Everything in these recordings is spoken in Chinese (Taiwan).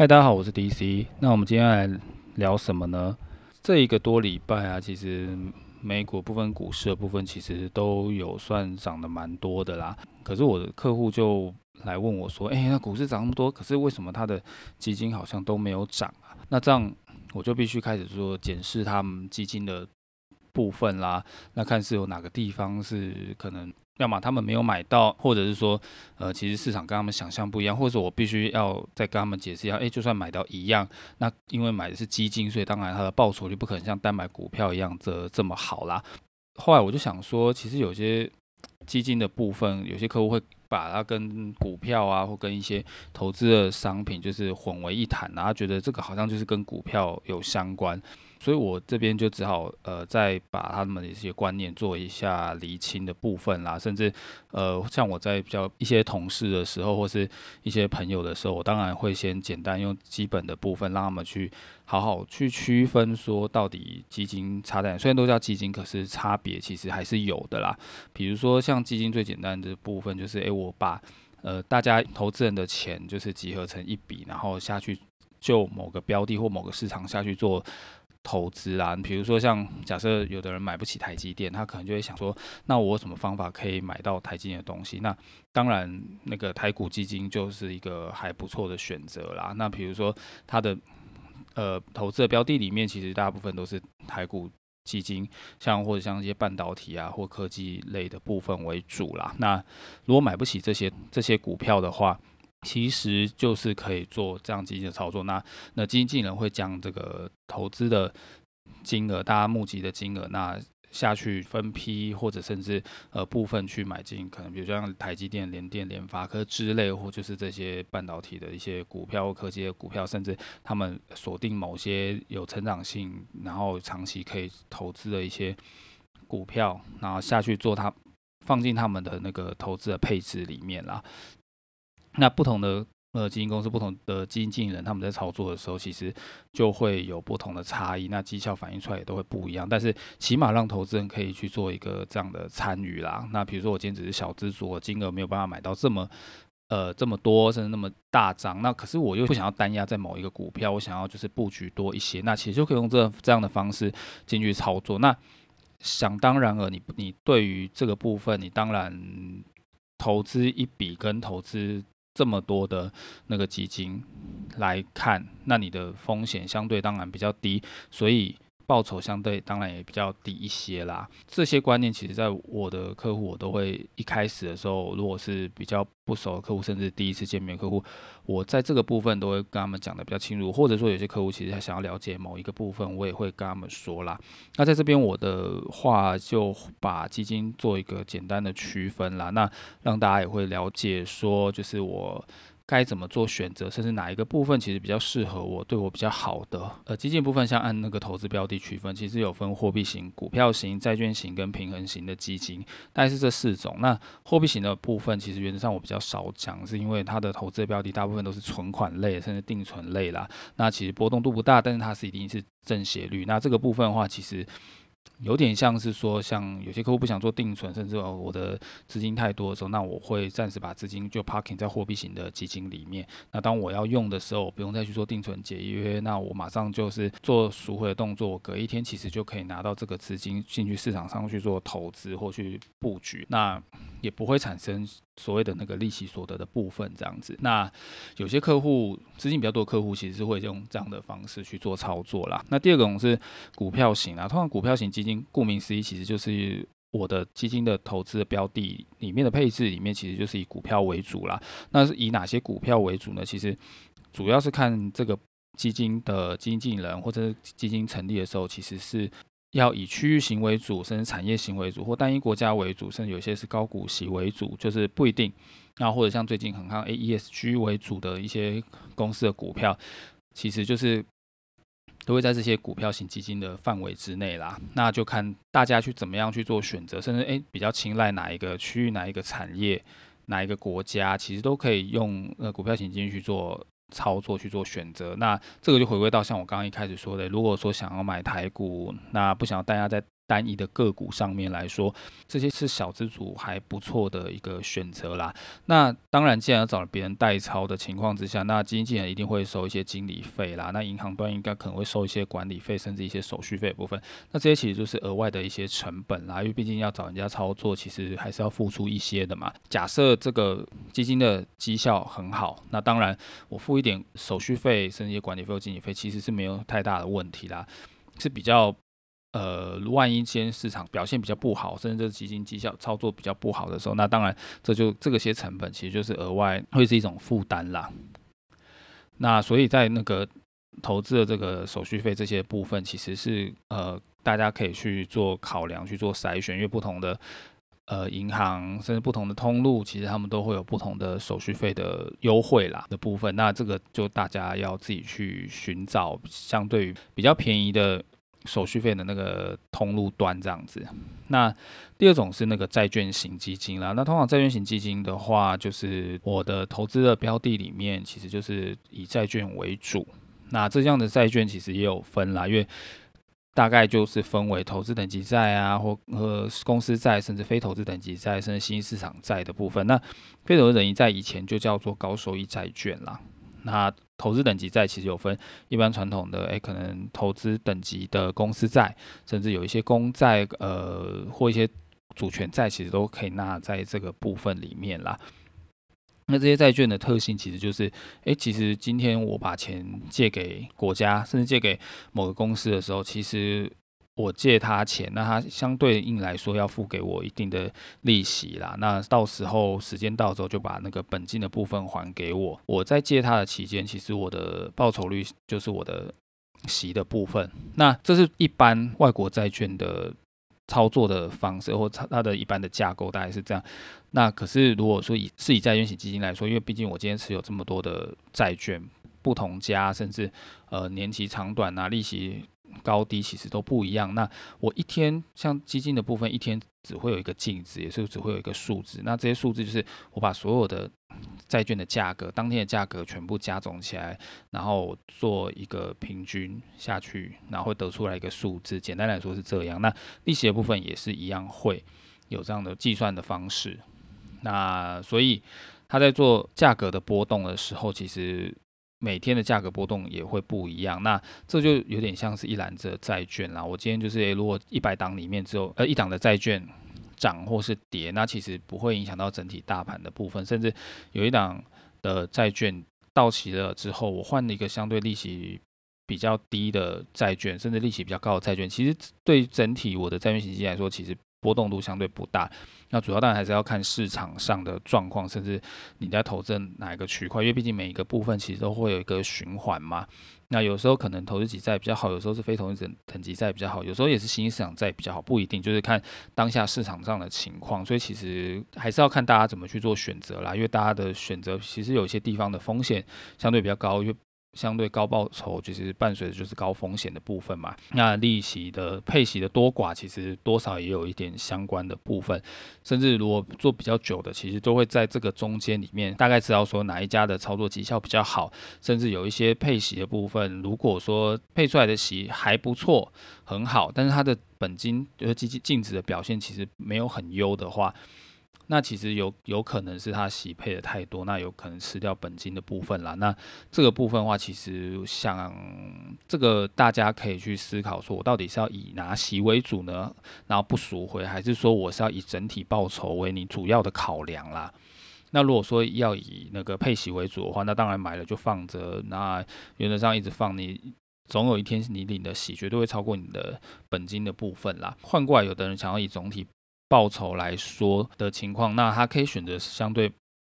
嗨，Hi, 大家好，我是 DC。那我們今天來聊什麼呢？這一個多禮拜啊，其實美股部分股市的部分，其實都有算漲得蠻多的啦。可是我的客戶就來問我說：“哎、欸，那股市漲那麼多，可是為什麼他的基金好像都沒有漲啊？”那這樣我就必須開始說檢視他們基金的部分啦。那看是有哪個地方是可能。要麼他們沒有買到，或者是說，呃，其實市場跟他們想象不一樣，或者是我必須要再跟他們解釋一下。誒，就算買到一樣，那因為買的是基金，所以當然它的報酬就不可能像單買股票一樣這這麼好啦。後來我就想說，其實有些基金的部分，有些客戶會把它跟股票啊，或跟一些投資的商品就是混為一談，然後覺得這個好像就是跟股票有相關。所以我這邊就只好呃，再把他們的一些觀念做一下釐清的部分啦，甚至呃，像我在比較一些同事的時候或是一些朋友的時候，我當然會先簡單用基本的部分讓他們去好好去區分，說到底基金差在哪裡，雖然都叫基金，可是差別其實還是有的啦。比如說像基金最簡單的部分就是，誒、欸，我把呃，大家投資人的錢就是集合成一筆，然後下去就某個標的或某個市場下去做。投資啦、啊，比如說像假設有的人買不起台積電，他可能就會想說，那我有什麼方法可以買到台積電的東西？那當然，那個台股基金就是一個還不錯的選擇啦。那比如說他的呃投資的標的裡面，其實大部分都是台股基金，像或者像一些半導體啊或科技類的部分為主啦。那如果買不起這些這些股票的話，其實就是可以做這樣基金的操作。那那基金經理人會將這個投資的金額，大家募集的金額，那下去分批或者甚至呃部分去買進，可能比如像台積電、聯電、聯發科之類，或就是這些半導體的一些股票或科技的股票，甚至他們鎖定某些有成長性，然後長期可以投資的一些股票，然後下去做他放進他們的那個投資的配置裡面啦。那不同的呃基金公司、不同的基金經理人，他們在操作的時候，其實就會有不同的差異。那績效反映出來也都會不一樣。但是起碼讓投資人可以去做一個這樣的參與啦。那比如說我今天只是小資族，我金額沒有辦法買到這麼呃這麼多，甚至那麼大張。那可是我又不想要單押在某一個股票，我想要就是布局多一些。那其實就可以用這這樣的方式進去操作。那想當然了，你你對於這個部分，你當然投資一筆跟投資。這麼多的那個基金來看，那你的風險相對當然比較低，所以。報酬相對當然也比較低一些啦。這些觀念其實，在我的客戶，我都會一開始的時候，如果是比較不熟的客戶，甚至第一次見面的客戶，我在這個部分都會跟他們講得比較清楚。或者說，有些客戶其實他想要了解某一個部分，我也會跟他們說啦。那在這邊，我的話就把基金做一個簡單的區分啦，那讓大家也會了解說，就是我。該怎麼做選擇，甚至哪一個部分其實比較適合我，對我比較好的呃基金部分，像按那個投資標的區分，其實有分貨幣型、股票型、債券型跟平衡型的基金，大概是這四種。那貨幣型的部分，其實原則上我比較少講，是因為它的投資標的大部分都是存款類，甚至定存類啦。那其實波動度不大，但是它是一定是正斜率。那這個部分的話，其實。有點像是說，像有些客戶不想做定存，甚至我的資金太多的時候，那我會暫時把資金就 parking 在貨幣型的基金裡面。那當我要用的時候，我不用再去做定存解約，那我馬上就是做贖回的動作，我隔一天其實就可以拿到這個資金進去市場上去做投資或去布局，那也不會產生。所謂的那個利息所得的部分，這樣子。那有些客戶資金比較多的客戶，其實是會用這樣的方式去做操作啦。那第二個是股票型啊，通常股票型基金，顧名思義，其實就是我的基金的投資的標的裡面的配置裡面，其實就是以股票為主啦。那是以哪些股票為主呢？其實主要是看這個基金的經理人或者是基金成立的時候，其實是。要以區域型為主，甚至產業型為主，或單一國家為主，甚至有些是高股息為主，就是不一定。那或者像最近很夯 ESG 為主的一些公司的股票，其實就是都會在這些股票型基金的範圍之內啦。那就看大家去怎麼樣去做選擇，甚至哎、欸、比較青睞哪一個區域、哪一個產業、哪一個國家，其實都可以用呃股票型基金去做。操作去做選擇，那這個就回歸到像我剛剛一開始說的，如果說想要買台股，那不想要大家在。單一的個股上面來說，這些是小資族還不錯的一個選擇啦。那當然，既然找別人代操的情況之下，那經紀人一定會收一些經理費啦。那銀行端應該可能會收一些管理費，甚至一些手續費的部分。那這些其實就是額外的一些成本啦，因為畢竟要找人家操作，其實還是要付出一些的嘛。假設這個基金的績效很好，那當然我付一點手續費，甚至一些管理費或經理費，其實是沒有太大的問題啦，是比較。呃，萬一今天市場表現比較不好，甚至這基金績效操作比較不好的時候，那當然這就這個些成本其實就是額外會是一種負擔啦。那所以在那個投資的這個手續費這些部分，其實是呃大家可以去做考量，去做篩選，因為不同的呃銀行甚至不同的通路，其實他們都會有不同的手續費的優惠啦的部分。那這個就大家要自己去尋找相對比較便宜的。手續費的那個通路端這樣子，那第二種是那個債券型基金啦。那通常債券型基金的話，就是我的投資的標的裡面，其實就是以債券為主。那這樣的債券其實也有分啦，因為大概就是分為投資等級債啊，或和公司債，甚至非投資等級債，甚至新興市場債的部分。那非投資等級債以前就叫做高收益債券啦。那投資等級債其實有分一般傳統的，哎、欸，可能投資等級的公司債，甚至有一些公債，呃，或一些主權債，其實都可以納在這個部分裡面啦。那這些債券的特性，其實就是，哎、欸，其實今天我把錢借給國家，甚至借給某個公司的時候，其實。我借他錢，那他相對應來說要付給我一定的利息啦。那到時候時間到之後，就把那個本金的部分還給我。我在借他的期間，其實我的報酬率就是我的息的部分。那這是一般外國債券的操作的方式，或它的一般的架構大概是這樣。那可是如果說以是以債券型基金來說，因為畢竟我今天持有這麼多的債券，不同家，甚至呃年期長短啊，利息。高低其實都不一樣。那我一天像基金的部分，一天只會有一個淨值，也是只會有一個數字。那這些數字就是我把所有的債券的價格，當天的價格全部加總起來，然後做一個平均下去，然後會得出來一個數字。簡單來說是這樣。那利息的部分也是一樣，會有這樣的計算的方式。那所以它在做價格的波動的時候，其實。每天的價格波動也會不一樣，那這就有點像是一攬子債券啦。我今天就是，欸、如果一百檔裡面只有呃一檔的債券漲或是跌，那其實不會影響到整體大盤的部分。甚至有一檔的債券到期了之後，我換了一個相對利息比較低的債券，甚至利息比較高的債券，其實對整體我的債券型基金來說，其實。波動度相對不大，那主要當然還是要看市場上的狀況，甚至你在投資哪一個區塊，因為畢竟每一個部分其實都會有一個循環嘛。那有時候可能投資級債比較好，有時候是非投資等級債比較好，有時候也是新興市場債比較好，不一定，就是看當下市場上的情況。所以其實還是要看大家怎麼去做選擇啦，因為大家的選擇其實有一些地方的風險相對比較高，因為。相對高報酬，其實伴隨的就是高風險的部分嘛。那利息的配息的多寡，其實多少也有一點相關的部分。甚至如果做比較久的，其實都會在這個中間裡面大概知道說哪一家的操作績效比較好。甚至有一些配息的部分，如果說配出來的息還不錯，很好，但是它的本金呃基金淨值的表現其實沒有很優的話。那其實有有可能是它息配的太多，那有可能吃掉本金的部分啦。那這個部分的話，其實像這個大家可以去思考說，說我到底是要以拿息為主呢，然後不贖回，還是說我是要以整體報酬為你主要的考量啦？那如果說要以那個配息為主的話，那當然買了就放着，那原則上一直放你，你總有一天你領的息絕對會超過你的本金的部分啦。換過來，有的人想要以總體。報酬來說的情況，那他可以選擇相對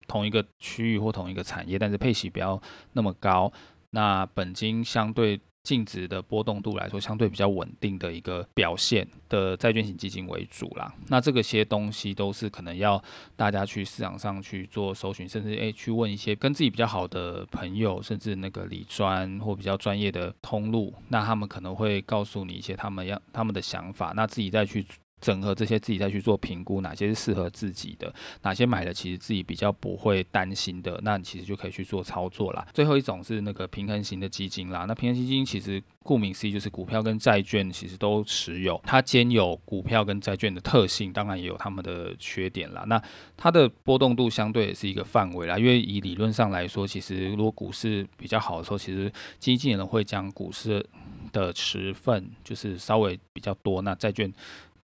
同一個區域或同一個產業，但是配息不要那麼高，那本金相對淨值的波動度來說相對比較穩定的一個表現的債券型基金為主啦。那這個些東西都是可能要大家去市場上去做搜尋，甚至誒、欸、去問一些跟自己比較好的朋友，甚至那個理專或比較專業的通路，那他們可能會告訴你一些他們要他們的想法，那自己再去。整合這些，自己再去做評估，哪些是適合自己的，哪些買的其實自己比較不會擔心的，那你其實就可以去做操作啦。最後一種是那個平衡型的基金啦，那平衡基金其實顧名思義就是股票跟債券其實都持有，它兼有股票跟債券的特性，當然也有它們的缺點啦。那它的波動度相對也是一個範圍啦，因為以理論上來說，其實如果股市比較好的時候，其實基金經理人會將股市的持份就是稍微比較多，那債券。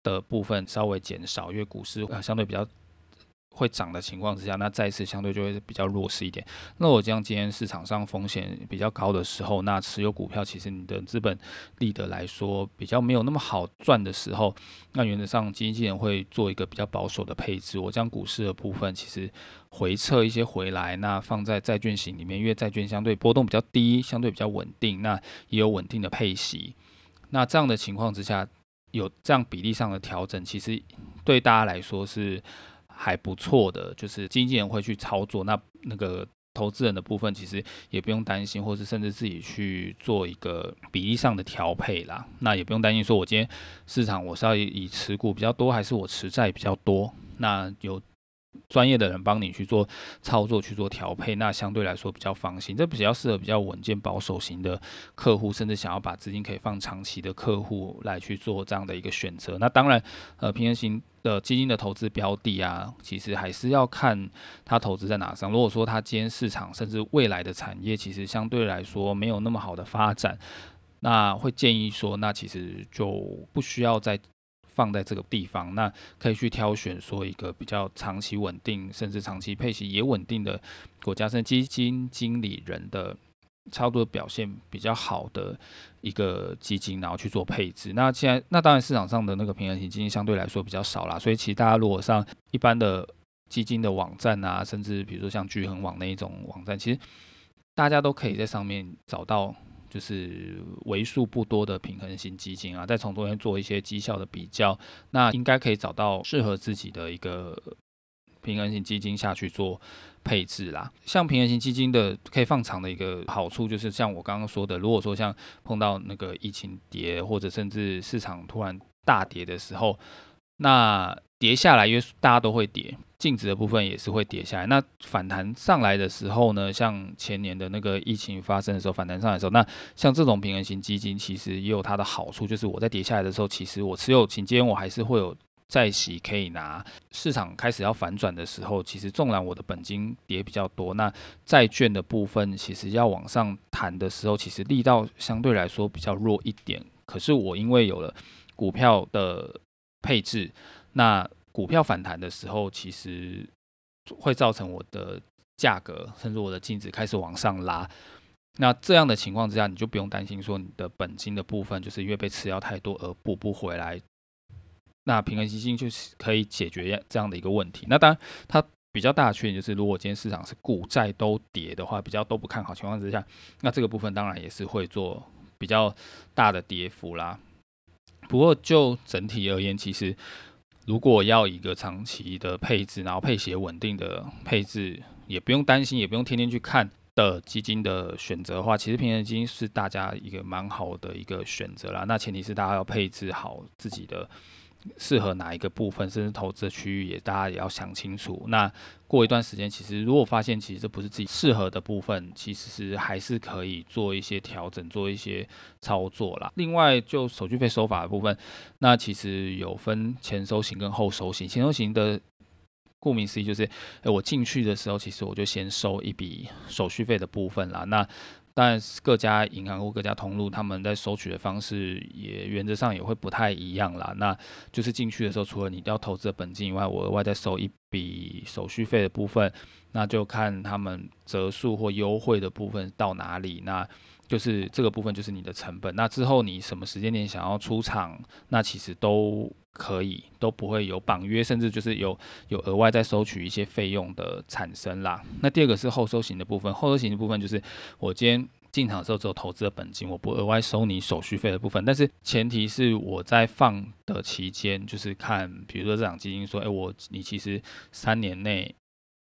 的部分稍微減少，因為股市相對比較會漲的情況之下，那債市相對就會比較弱勢一點。那我將今天市場上風險比較高的時候，那持有股票其實你的資本利得來說比較沒有那麼好賺的時候，那原則上經理人會做一個比較保守的配置。我將股市的部分其實回撤一些回來，那放在債券型裡面，因為債券相對波動比較低，相對比較穩定，那也有穩定的配息。那這樣的情況之下。有這樣比例上的調整，其實對大家來說是還不錯的，就是經紀人會去操作，那那個投資人的部分其實也不用擔心，或是甚至自己去做一個比例上的調配啦，那也不用擔心說，我今天市場我是要以持股比較多，還是我持債比較多，那有。專業的人幫你去做操作，去做調配，那相對來說比較放心，這比較適合比較穩健保守型的客戶，甚至想要把資金可以放長期的客戶來去做這樣的一個選擇。那當然，呃，平衡型的基金的投資標的啊，其實還是要看它投資在哪上。如果說它今天市場甚至未來的產業其實相對來說沒有那麼好的發展，那會建議說，那其實就不需要再。放在這個地方，那可以去挑選說一個比較長期穩定，甚至長期配息也穩定的國家，甚至基金經理人的操作表現比較好的一個基金，然後去做配置。那既然，那當然市場上的那個平衡型基金相對來說比較少啦，所以其實大家如果上一般的基金的網站啊，甚至比如說像鉅亨網那一種網站，其實大家都可以在上面找到。就是為數不多的平衡型基金啊，再從中間做一些績效的比較，那應該可以找到適合自己的一個平衡型基金下去做配置啦。像平衡型基金的可以放長的一個好處，就是像我剛剛說的，如果說像碰到那個疫情跌，或者甚至市場突然大跌的時候，那跌下來，因為大家都會跌，淨值的部分也是會跌下來。那反彈上來的時候呢？像前年的那個疫情發生的時候，反彈上來的時候，那像這種平衡型基金，其實也有它的好處，就是我在跌下來的時候，其實我持有期間我還是會有債息可以拿。市場開始要反轉的時候，其實縱然我的本金跌比較多，那債券的部分其實要往上彈的時候，其實力道相對來說比較弱一點。可是我因為有了股票的配置。那股票反彈的時候，其實會造成我的價格，甚至我的淨值開始往上拉。那這樣的情況之下，你就不用擔心說你的本金的部分就是因為被吃掉太多而補不回來。那平衡基金就是可以解決這樣的一個問題。那當然，它比較大的缺點就是，如果今天市場是股債都跌的話，比較都不看好情況之下，那這個部分當然也是會做比較大的跌幅啦。不過就整體而言，其實。如果要一個長期的配置，然後配些穩定的配置，也不用擔心，也不用天天去看的基金的選擇的話，其實平衡基金是大家一個蠻好的一個選擇啦。那前提是大家要配置好自己的。適合哪一個部分，甚至投資的區域也，大家也要想清楚。那過一段時間，其實如果發現其實這不是自己適合的部分，其實是還是可以做一些調整，做一些操作啦。另外，就手續費收法的部分，那其實有分前收型跟後收型。前收型的，顧名思義就是，欸，我進去的時候，其實我就先收一筆手續費的部分啦。那但各家銀行或各家通路，他們在收取的方式也原則上也會不太一樣啦。那就是進去的時候，除了你要投資的本金以外，我額外再收一筆手續費的部分，那就看他們折數或優惠的部分到哪裡。那就是這個部分，就是你的成本。那之後你什麼時間點想要出場，那其實都可以，都不會有綁約，甚至就是有有額外再收取一些費用的產生啦。那第二個是後收型的部分，後收型的部分就是我今天進場的時候只有投資的本金，我不額外收你手續費的部分。但是前提是我在放的期間，就是看比如說這場基金說，哎、欸、我你其實三年內。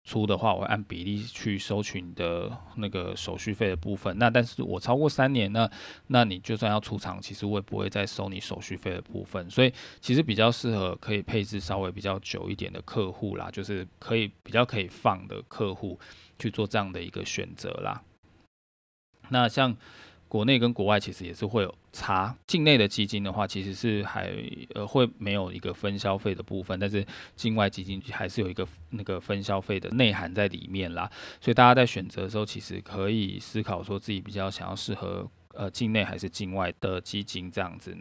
出的話，我會按比例去收取你的那個手續費的部分。那但是我超過三年呢，那你就算要出場，其實我也不會再收你手續費的部分。所以其實比較適合可以配置稍微比較久一點的客戶啦，就是可以比較可以放的客戶去做這樣的一個選擇啦。那像國內跟國外其實也是會有差。境內的基金的話，其實是還呃會沒有一個分銷費的部分，但是境外基金還是有一個那個分銷費的內涵在裡面啦。所以大家在選擇的時候，其實可以思考說自己比較想要適合呃境內還是境外的基金這樣子。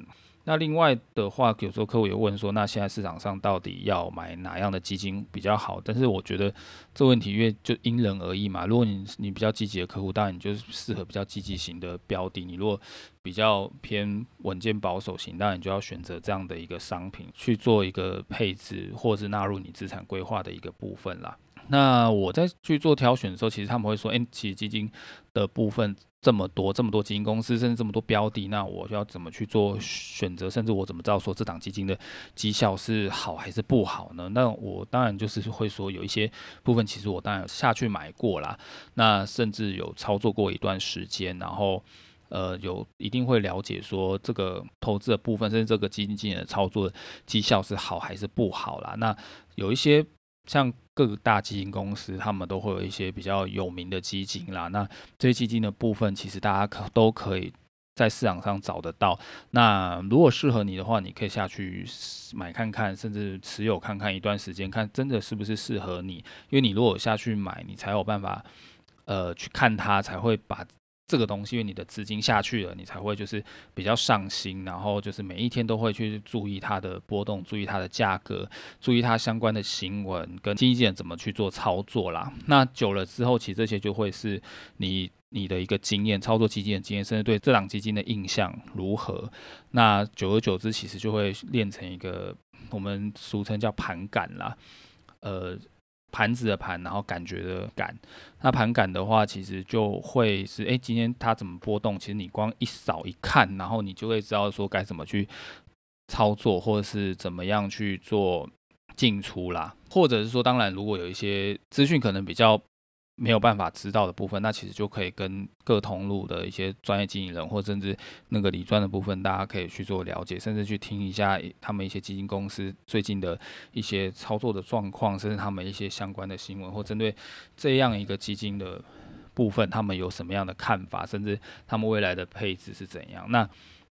那另外的話，有時候客戶也問說，那現在市場上到底要買哪樣的基金比較好？但是我覺得這問題，因為就因人而異嘛。如果你你比較積極的客戶，當然你就適合比較積極型的標的；你如果比較偏穩健保守型，當然你就要選擇這樣的一個商品去做一個配置，或是納入你資產規劃的一個部分啦。那我在去做挑選的時候，其實他們會說：“哎、欸，其實基金的部分這麼多，這麼多基金公司，甚至這麼多標的，那我要怎麼去做選擇？甚至我怎麼知道說這檔基金的績效是好還是不好呢？”那我當然就是會說，有一些部分其實我當然下去買過啦，那甚至有操作過一段時間，然後呃，有一定會了解說這個投資的部分，甚至這個基金經理的操作績效是好還是不好啦。那有一些像。各個大基金公司，他們都會有一些比較有名的基金啦。那這些基金的部分，其實大家可都可以在市場上找得到。那如果適合你的話，你可以下去買看看，甚至持有看看一段時間，看真的是不是適合你。因為你如果下去買，你才有辦法，呃，去看它，才會把。這個東西，因為你的資金下去了，你才會就是比較上心，然後就是每一天都會去注意它的波動，注意它的價格，注意它相關的新聞跟基金經理人怎麼去做操作啦。那久了之後，其實這些就會是你你的一個經驗，操作基金的經驗，甚至對這檔基金的印象如何。那久而久之，其實就會練成一個我們俗稱叫盤感啦，呃。盤子的盤，然後感覺的感，那盤感的話，其實就會是，哎，今天它怎麼波動？其實你光一掃一看，然後你就會知道說該怎麼去操作，或者是怎麼樣去做進出啦，或者是說，當然如果有一些資訊可能比較。沒有辦法知道的部分，那其實就可以跟各通路的一些專業經理人，或甚至那個理專的部分，大家可以去做了解，甚至去聽一下他們一些基金公司最近的一些操作的狀況，甚至他們一些相關的新聞，或針對這樣一個基金的部分，他們有什麼樣的看法，甚至他們未來的配置是怎樣。那。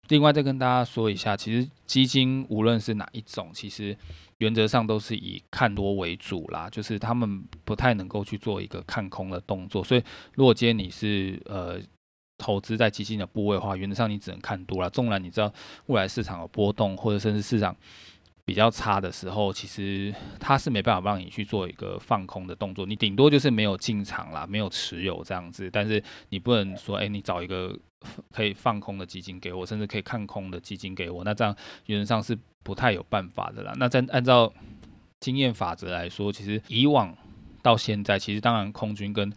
另外再跟大家說一下，其實基金無論是哪一種，其實原則上都是以看多為主啦，就是他們不太能夠去做一個看空的動作。所以，如果今天你是呃投資在基金的部位的話，原則上你只能看多啦。縱然你知道未來市場有波動，或者甚至市場。比較差的時候，其實他是沒辦法幫你去做一個放空的動作，你頂多就是沒有進場啦，沒有持有這樣子。但是你不能說，哎、欸，你找一個可以放空的基金給我，甚至可以看空的基金給我，那這樣原則上是不太有辦法的啦。那在按照經驗法則來說，其實以往到現在，其實當然空軍跟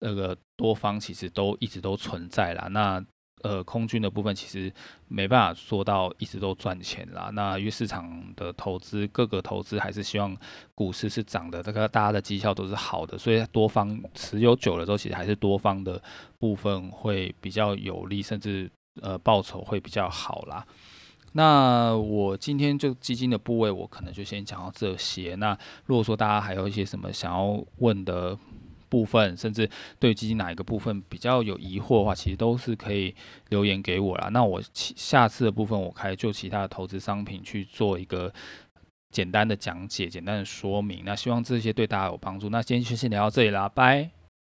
那個多方其實都一直都存在啦。那呃，空軍的部分其實沒辦法做到一直都賺錢啦。那因為市場的投資，各個投資還是希望股市是漲的，這個大家的績效都是好的，所以多方持有久了之後，其實還是多方的部分會比較有利，甚至呃報酬會比較好啦。那我今天就基金的部位，我可能就先講到這些。那如果說大家還有一些什麼想要問的，部分，甚至對基金哪一個部分比較有疑惑的話，其實都是可以留言給我啦。那我其下次的部分，我可以就其他的投資商品去做一個簡單的講解、簡單的說明。那希望這些對大家有幫助。那今天就先聊到這裡啦，拜。